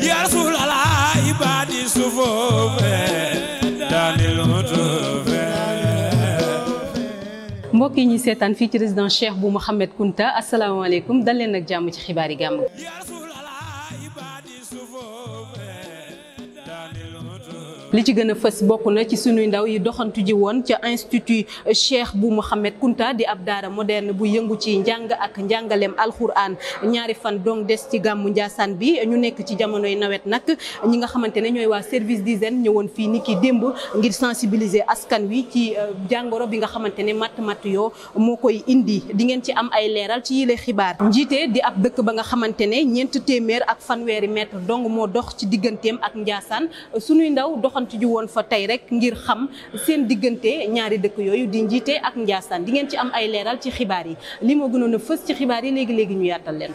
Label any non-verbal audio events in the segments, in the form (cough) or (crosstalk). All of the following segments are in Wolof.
يا رسول yi ñuy seetaan fii ci résident Cheikh bu Mouhamed Kounta asalaamaaleykum dal leen ak jàmm ci xibaar yi gàmm li ci gën a fës bokk na ci sunuy ndaw yi doxantu ji woon ca institut Cheikh bu Mohamed Kunta di ab daara moderne bu yëngu ci njàng ak njàngaleem alxuraan ñaari fan dong des ci gàmmu Ndiassane bi ñu nekk ci jamonoy nawet nag ñi nga xamante ne ñooy waa service di d'hygiène ñëwoon fii ni ki démb ngir sensibiliser askan wi ci euh, jàngoro bi nga xamante ne matt matt yoo moo koy indi di ngeen ci am ay leeral ci yile xibaar njiite di ab dëkk ba nga xamante ne ñeent téeméer ak fanweeri mètre dong moo dox ci digganteem ak Ndiassane sunuy ndaw doxantu woon fa tey rek ngir xam seen diggante ñaari dëkk yooyu di njiite ak Ndiassane di ngeen ci am ay leeral ci xibaar yi li moo gënoon a fës ci xibaar yi léegi léegi ñu yaatal leen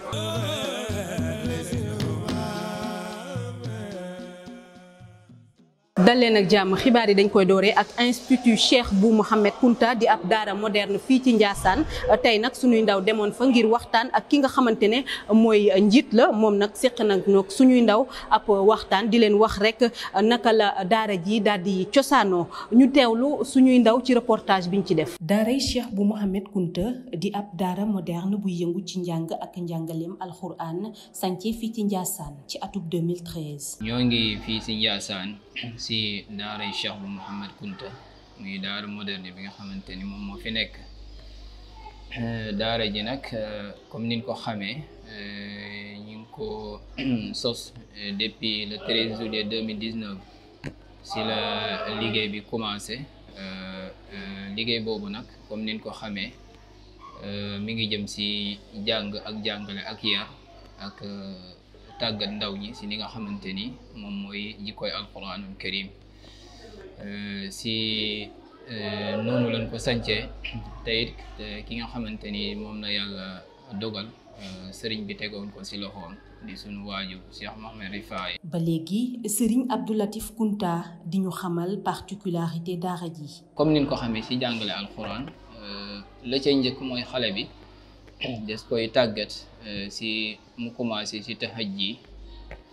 dal leen ak jàmm xibaar yi dañ koy dooree ak institut Cheikh Bou Mohamed Kounta di ab daara moderne fii ci Ndiassane tey nag suñuy ndaw demoon fa ngir waxtaan ak ki nga xamante ne mooy njiit la moom nag seq nag noog suñuy ndaw ab waxtaan di leen wax rek naka la daara ji daal di cosaanoo ñu teewlu suñuy ndaw ci reportage biñ ci def. daaray Cheikh Bou Mohamed Kounta di ab daara moderne buy yëngu ci njàng ak njàngaleem alxuraan sànce fii ci Ndiassane ci atub 2013. ñoo ngi si daaray Cheikh bu Mouhamed Kunta muy daara moderne bi nga xamante ni moom moo fi nekk eh, daara ji nag eh, comme niñ ko xamee eh, ñu ko (clears throat) sos depuis le 13 juillet 2019 si la liggéey bi commencé liggéey boobu nag comme niñ ko xamee mi ngi jëm si jàng ak jàngale ak yar ak tàggat ndaw ñi si li nga xamante ni moom mooy jikkoy alquranul karim euh, si euh, noonu lañ ko sancee te it ki nga xamante ni moom na yàlla dogal euh, sëriñ bi tegoon ko si loxoom di sunu waaju Cheikh Mohamed Rifaay ba léegi sëriñ Abdoulatif Kunta di ñu xamal particularité daara ji comme niñ ko xamee si jàngale alquran la cay njëkk mooy xale bi des koy tàggat euh, si mu commencé si te tahaj ji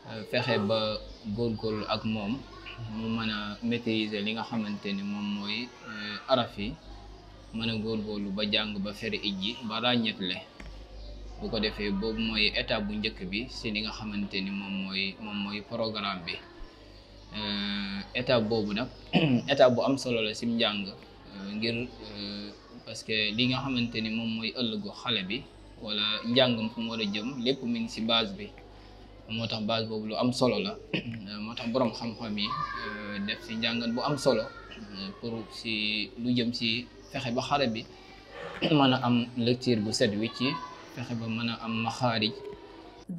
euh, fexe ba góorgóorlu ak moom mu mën a maîtriser li nga xamante ni moom mooy euh, araf yi mën a góorgóorlu ba jàng ba fere ijji ba ràññetle bu ko defee boobu mooy étape bu njëkk bi si li nga xamante ni moom mooy moom mooy programme bi étape boobu nag (clears throat) étape bu am solo la sim njàng ngir parce que li nga xamante ni moom mooy ëllëgu xale bi wala njàngam fu mu war a jëm lépp mi ngi si base bi moo tax base boobu lu am solo la euh, moo tax borom xam-xam yi euh, def si njàngat bu am solo euh, pour si lu jëm si fexe ba xale bi mën a am lecture bu set wi ci fexe ba mën a am maxaarij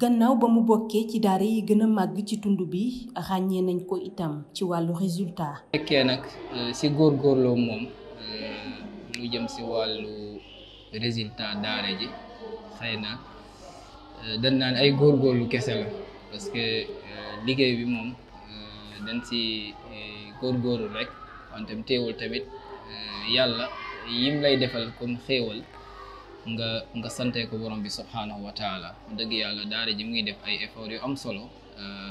gannaaw ba mu bokkee ci daara yi gën a màgg ci tund bi xàññee nañ ko itam ci wàllu résultat fekkee nag si góor góorloo moom lu jëm si wàllu résultat daara ji xëy na euh, dañ naan ay góor góorlu kese la parce que euh, liggéey bi moom euh, dañ si góor góorgóorlu rek wante teewul tamit yàlla yim lay defal comme xéewal nga nga santee ko borom bi subhaanahu wa taala dëgg yàlla daara ji mu ngi def ay effort yu am solo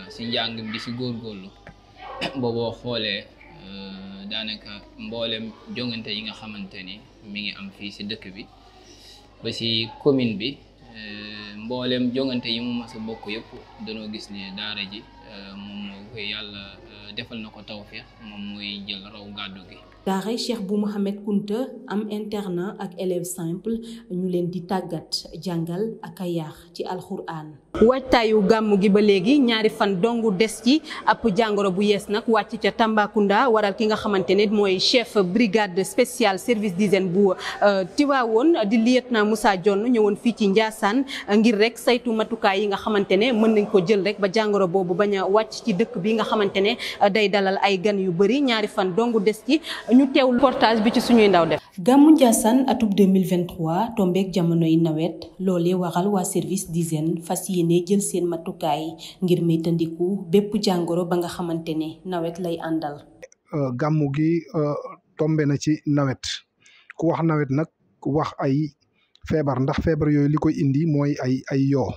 si njàng bi si góorgóorlu (coughs) ba boo xoolee Euh, daanaka mboolem jongante yi nga xamante ni mi ngi am fii si dëkk bi ba si commune bi euh, mboolem jongante yi mu mas a bokk yëpp danoo gis ne daara ji euh, moom moo koy yàlla defal na ko tawfeex moom mooy jël raw gàddu gi daaray Cheikh bu Mohamed Kunta am internat ak élève simple ñu leen di tàggat jàngal ak a yaax ci alxuraan waajtaayu gàmmu gi ba léegi ñaari fan dong des ci ab jàngoro bu yees nag wàcc ca Tambacounda waral ki nga xamante ne mooy chef brigade spéciale service d'hygiène bu euh, Tiwaawoon di lieutenant Moussa Dione ñëwoon fii ci Ndiassane ngir rek saytu matukaay yi nga xamante ne mën nañ ko jël rek ba jàngoro boobu bañ a wàcc ci dëkk bi nga xamante ne euh, day dalal ay gan yu bëri ñaari fan dong des ci ñu teewlu portage bi ci suñuy ndaw def. gàmmu Ndiassane atub 2023 tombeek jamonoy nawet loolee waxal waa service d'hygiène fas yéene jël seen matukaay ngir moytandiku bépp jàngoro ba nga xamante ne nawet lay àndal. Euh, gàmmu gi euh, tombe na ci nawet ku wax nawet nag wax ay feebar ndax feebar yooyu li koy indi mooy ay ay yoo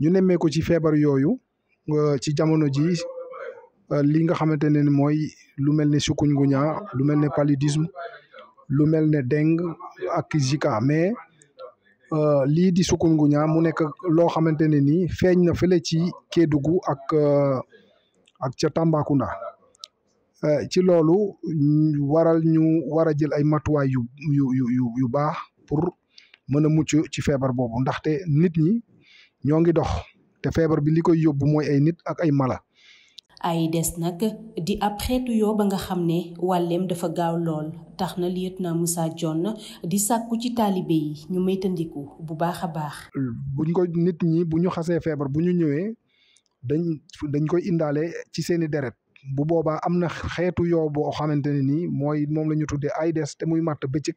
ñu nemmee ci feebar yooyu euh, ci jamono Euh, li nga xamante ne ni mooy lu mel ne chikungunya lu mel ne paludisme lu mel ne dengue ak Zika mais euh, lii di chikungunya mu nekk loo xamante ne nii feeñ na fële ci Kédougou ak euh, ak ca Tambacounda ci loolu waral ñu war a jël ay matuwaay yu yu yu yu baax pour mën a mucc ci feebar boobu ndaxte nit ñi ñoo ngi dox te feebar bi li koy yóbbu mooy ay nit ak ay mala ay AIDES nag di ab xeetu yoo ba nga xam ne wàlleem dafa gaaw lool tax na lieutenant Moussa Dione di sàkku ci taalibe yi ñu maytandiku bu baax a baax. buñ ko nit ñi bu ñu xasee feebar bu ñu ñëwee dañ dañ koy indaale ci seeni deret bu boobaa am na xeetu yoo boo xamante ne nii mooy moom la ñu tuddee AIDES te muy màtt bëccëg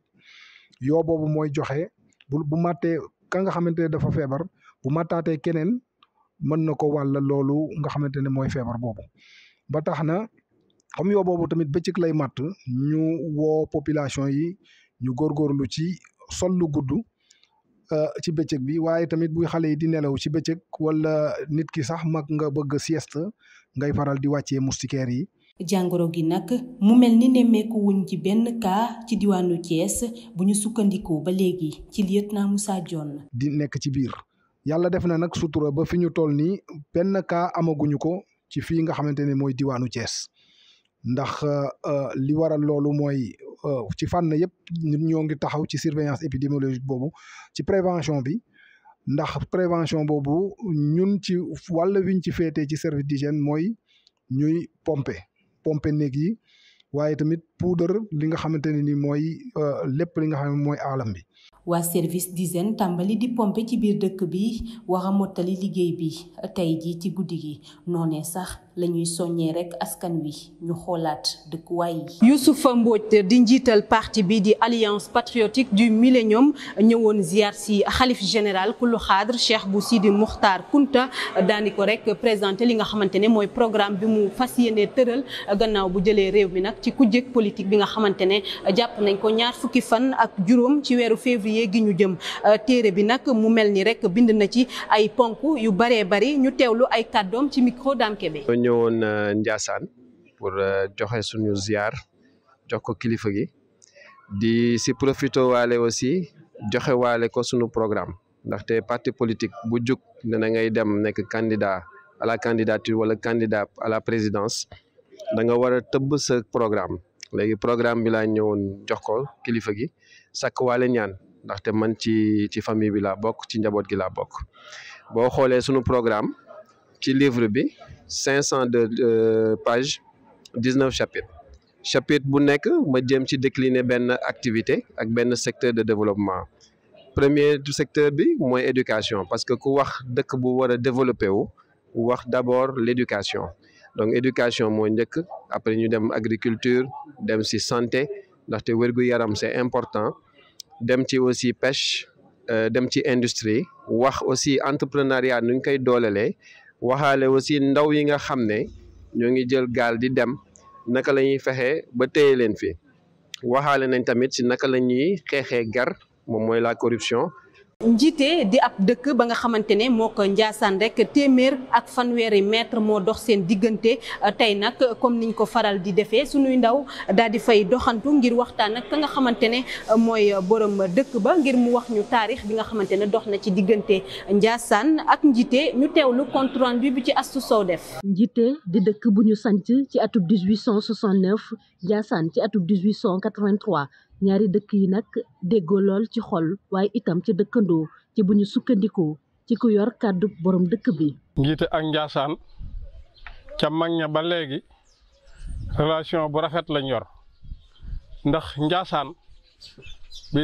yoo boobu mooy joxe bu bu màttee ka nga xamante ne dafa feebar bu màttaatee keneen. mën na ko walla loolu nga xamante ne mooy feebar boobu ba tax na comme yoo boobu tamit bëccëg lay màtt ñu woo population yi ñu góorgóorlu ci sol lu gudd euh, ci bëccëg bi waaye tamit buy xale yi di nelaw ci bëccëg wala nit ki sax mag nga bëgg sieste ngay faral di wàccee moustiquaire yi. jàngoro gi nag mu mel ni nemmeeku wuñ ci benn cas ci diwaanu Thiès bu ñu sukkandikoo ba léegi ci lieutenant Moussa Dione. di nekk ci biir. yàlla def na nag sutura ba fi ñu toll nii benn cas amaguñu ko ci fii nga xamante ne mooy diwaanu cees ndax euh, euh, li waral loolu mooy euh, ci fànn yëpp ñun ñoo ngi taxaw ci surveillance épidémiologique boobu ci prévention bi ndax prévention boobu ñun ci wàll wiñ ci féetee ci service d'hygiène mooy ñuy pomper pompe néeg yi waaye tamit poudre li nga xamante ne ni mooy lépp li nga xam ne mooy aalam bi waa service d'hygiène tàmbali di pompe ci biir dëkk bi war a mottali liggéey bi tey jii ci guddi gi noonee sax lañuy soññee rek askan wi ñu xoolaat dëkkuwaay yi. Youssoufa Mbodj di njiital parti bi di alliance patriotique du millénium ñëwoon ziar si xalif général kullu xaadr cheikh bu Sidi Muxtaar Kunta daani ko rek présenté li nga xamante ne mooy programme bi mu fas yéene tëral gannaaw bu jëlee réew mi nag ci kujjeg politique bi nga xamante ne jàpp nañ ko ñaar fan ak février ñu jëm euh, téere bi nag mu mel ni rek bind na ci ay ponk yu baree bari ñu teewlu ay kàddoom ci micro Dame Kébé. ñoo ñëwoon euh, Ndiassane pour euh, joxe suñu ziar jox ko kilifa gi di si profité waale aussi joxe waale ko suñu programme ndaxte parti politique bu jug ne na ngay dem nekk candidat à la candidature wala candidat à la présidence da nga war a tëbb sa programme léegi programme bi ñëwoon jox ko kilifa gi sakk waale ñaan. ndaxte man ci ci famille bi la bokk ci njaboot gi laa bokk boo xoolee sunu programme ci livre bi cinq cent deux euh, pages dix neuf chapitres chapitre bu nekk ma jëm ci décliner benn activité ak benn secteur de développement premier secteur bi mooy éducation parce que ku wax dëkk bu war a développé wu wax d'abord l'éducation donc éducation mooy njëkk après ñu dem agriculture dem ci santé ndaxte wérgu yaram c'est important dem ci aussi pêche euh, dem ci industrie wax aussi entrepreneuriat nu ñu koy doolelee waxaale aussi ndaw yi nga xam ne ñoo ngi jël gaal di dem naka la ñuy fexee ba teye leen fi waxaale nañ tamit si naka la ñuy xeexee gar moom mooy la corruption njiite di ab dëkk ba nga xamante ne moo ko Njaasaan rek téeméer ak fanweeri mètre moo dox seen diggante tey nag comme niñ ko faral di defee suñuy ndaw daal di fay doxantu ngir waxtaan ak ka nga xamante ne mooy borom dëkk ba ngir mu wax ñu taarix bi nga xamante ne dox na ci diggante Njaasaan ak njiite ñu teew lu contrent bi ci astu Sow def. njiite di dëkk bu ñu sanc ci atub 1869 Njaasaan ci atub 1883. ñaari dëkk yi nag déggoo lool ci xol waaye itam ci dëkkandoo ci bu ñu sukkandikoo ci ku yor kàddu boroom dëkk bi. njiite ak njaasaan ca mag ña ba léegi relation bu rafet lañ yor ndax njaasaan bi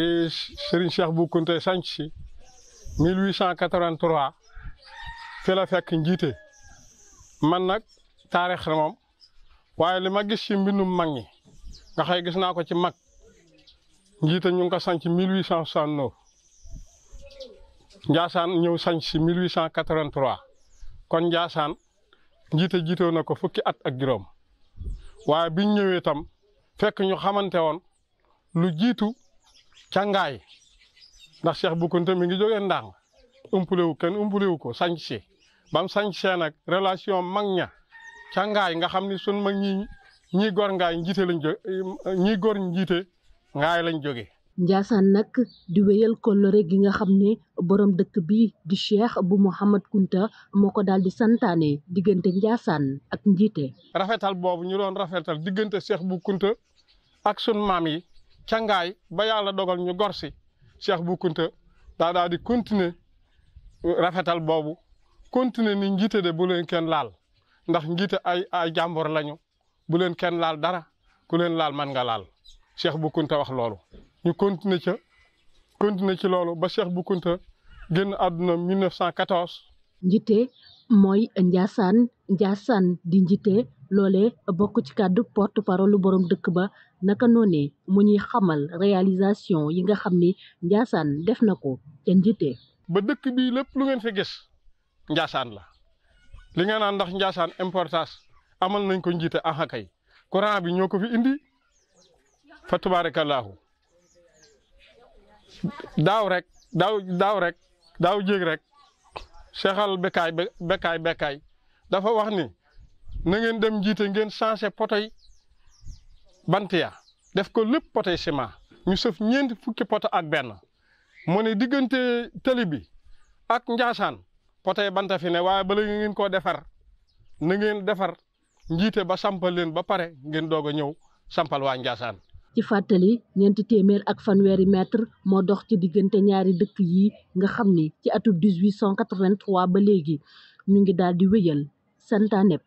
Serigne Cheikh Bou Kounta sanc si 1883 la fekk njiite man nag taarix moom waaye li ma gis ci mbindum mag ñi nga xëy gis naa ko ci mag. njiite ñu ngi ko sanc 1869 Ndiassane ñëw sanc si 1883 kon Ndiassane njiite jiitoo na ko fukki at ak juróom waaye biñ ñëwee tam fekk ñu xamante woon lu jiitu càngaay ndax Cheikh Bou Kounta mi ngi jógee Ndang umpulewu kenn umpulewu ko sanc si bam sanc see nag relation mag ña càngaay nga xam ni sun mag ñi ñii gor ngaay njiite lañ jóge ñii góor njiite ngaay lañu jóge Ndiassane nag di wéyal kóllëre gi nga xam ne borom dëkk bi di Cheikh bu Mouhamad Kunta moo ko daal di santaane diggante Ndiassane ak njiite rafetal boobu ñu doon rafetal diggante Cheikh bu Kunta ak sun maam yi ca ngaay ba yàlla dogal ñu gor si bu Kunta daa daal di rafetal boobu continuer ni njiite de bu leen kenn laal ndax njiite ay ay jàmbor lañu bu leen kenn laal dara ku leen laal mën nga laal cheikh bu kunta wax loolu ñu continuer ci loolu ba cheikh bu kunta génn àdduna 1914. njite mooy Ndiassane Ndiassane di njite loolee bokk ci kàddu porte parole lu borom dëkk ba naka noonee mu ñuy xamal réalisation yi nga xam ni Ndiassane def na ko ca njiite ba dëkk bi lépp lu ngeen fi gis Ndiassane la li nga naan ndax Ndiassane importance amal nañ ko njite en xakay courant bi ñoo ko fi indi. fa tubaarakallaahu daaw rek daaw daaw rek daaw jéeg rek seexal bekkaay bekkaay bekkaay dafa wax ni na ngeen dem njiite ngeen changé potoy bant def ko lépp potoy ciment ñu sëf ñeenti fukki poto ak benn moo ne diggante tali bi ak njaasaan potoy banta fi ne waaye bala ngeen koo defar na ngeen defar njiite ba sampal leen ba pare ngeen doog a ñëw sampal waa njaasaan ci fàttali ñeenti téeméer ak fanweeri mètre moo dox ci diggante ñaari dëkk yi nga xam ni ci atub 1883 ba léegi ñu ngi daal di wéyal santaaneb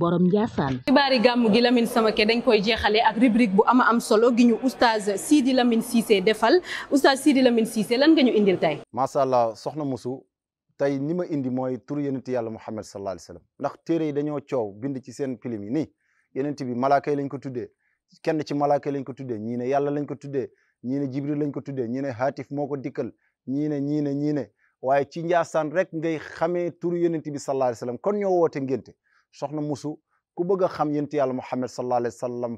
borom Ndiassane. xibaari gàmm gi sama ke dañ koy jeexalee ak rubrique bu ama am solo gi ñu oustaz Sidi Lamine Cissé defal oustaz Sidi Lamine Cissé lan nga ñu indil tey. macha allah soxna Musu tey ni ma indi mooy tur yonent yàlla Muhammad sallallahu alayhi wa sallam ndax téere yi dañoo coow bind ci seen pilim yi nii yonent bi malaaka yi lañ ko tuddee. kenn ci malaaka lañ ko tuddee ñii ne yàlla lañ ko tuddee ñii ne jibril lañ ko tuddee ñii ne haatif moo ko dikkal ñii ne ñii ne ñii ne waaye ci njaasaan rek ngay xamee turu yonent bi sallallahu alayhi wa sallam kon ñoo woote ngénte soxna musu ku bëgg a xam yonent yàlla muhammad sallallahu alayhi wa sallam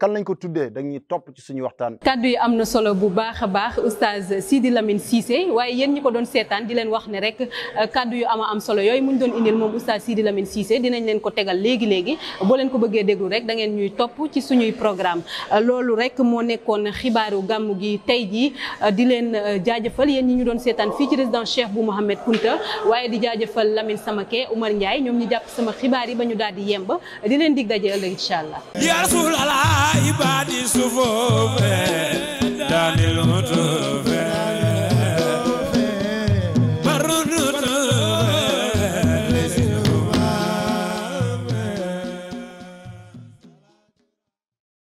kan lañ ko tuddee dañuy topp ci suñu waxtaan. kàddu yi am na solo bu baax a baax oustaz Sidi Lamine Cissé waaye yen ñi ko doon seetaan di leen wax ne rek euh, kàddu yu am am solo yooyu muñ doon indil moom oustaz Sidi Lamine Cissé dinañ leen ko tegal léegi léegi boo leen ko bëggee déglu rek da ngeen ñuy topp ci suñuy programme euh, loolu rek moo nekkoon xibaaru gàmm gi tey jii euh, di leen jaajëfal yéen ñi ñu doon seetaan fii ci résidence Cheikh bu Mohamed Kunta waaye di jaajëfal Lamine Samake Oumar Ndiaye ñoom ñu jàpp sama xibaar yi ba ñu daal di yemb di leen dig daje ëllëg yaa ibaadi sufuuf daanil hutuuf